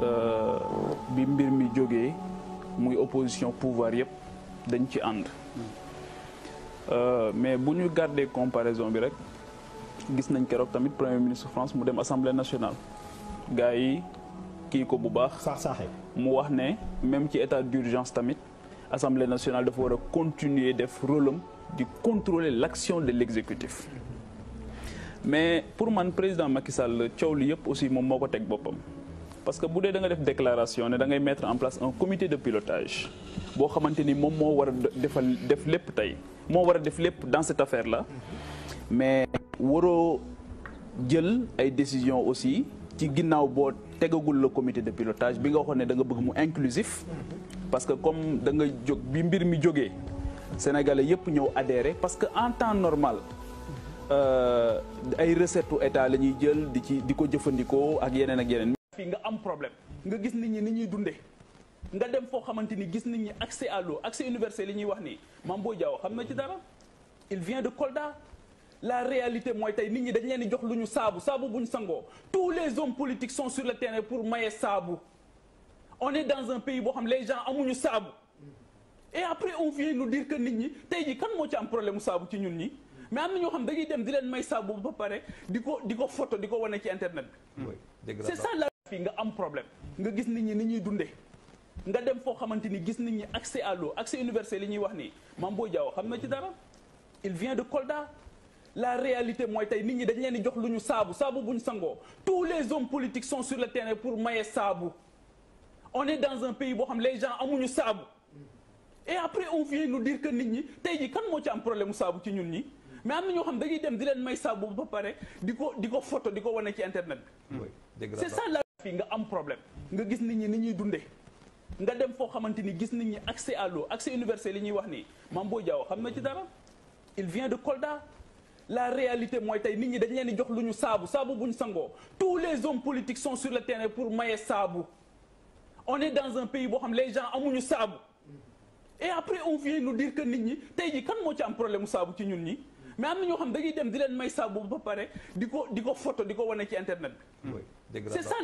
Euh, bi mbir mi jógee muy opposition pouvoir yëpp dañ ci ànd euh, mais bu ñu garder comparaison bi rek gis nañ keroog tamit premier ministre France mu dem assemblée nationale gars yi kii ko bu baax mu wax ne même ci état d'urgence tamit assemblée nationale dafa war continuer def rôle am di contrôler l'action de l'exécutif mais pour man président Macky Sall coow li yëpp aussi moom moo ko teg boppam parce que bu dee da def déclaration ne dangay ngay mettre en place un comité de pilotage boo xamante ni moom moo war a defal def lépp tey moo war a def lépp dans cette affaire la mais waroo jël ay décisions aussi ci ginnaaw boo tegagul la comité de pilotage bi nga waxoon ne da nga bëgg mu inclusif parce que comme da nga jóg bi mbir mi jógee sénégalais yëpp ñëw adhéré parce que en temps normal Euh, ay recette u état la ñuy jël di ci di ko jëfandikoo ak yeneen ak yeneen. fii nga am problème nga gis nit ñi ni ñuy dundee nga dem foo xamante ni gis nit ñi accès à l'eau accès universel li ñuy wax nii Mame Boye Diao xam na ci dara il vient de Kolda. la réalité mooy tey nit ñi dañ leen di jox lu ñu saabu saabu bu sangoo tous les hommes politiques son sur le terrain pour maye saabu on est dans un pays boo xam les gens amuñu saabu et après on vient nous dire que nit ñi tey jii kan moo ci am problème mu saabu ci ñun ñi. mais am na ñoo xam dañuy dem di leen may saabu ba pare di ko di ko photo di ko wane ci internet bi. c'est ça la fii nga am problème nga gis nit ñi ni ñuy dundee. nga dem foo xamante ni gis nit ñi accès à l'eau accès universel li ñuy wax nii Mame Boye Diao xam na ci dara il vient de Kolda la réalité mooy tey nit ñi dañ leen di jox lu ñu saabu saabu bu ñu sangoo tous les hommes politiques sont sur le terrain pour maye saabu on est dans un pays boo xam les gens amuñu saabu et après on vient nous dire nit ñi tey ji moo ci am problème mu saabu ci ñun ñi mais am na ñoo xam dañuy dem di leen may saabu ba pare di ko di ko photo di ko wane ci internet bi. Mm. c'est ça la fii nga am problème. nga gis nit ñi ni ñuy dundee. nga dem foo xamante ni gis nit ñi accès à l'eau accès universel li ñuy wax nii Mame Boye Diao xam na ci dara il vient de Kolda la réalité mooy tey nit ñi dañ leen di jox lu ñu saabu saabu bu ñu sangoo tous les hommes politiques sont sur le terrain pour maye saabu on est dans un pays boo xam les gens amuñu saabu après on vient nous dire nit ñi tey ji kan moo ci am problème mu saabu ci ñun ñi mais am na ñoo xam dañuy dem di leen may saabu ba pare di ko di ko photo di ko wane ci internet bi. c'est ça.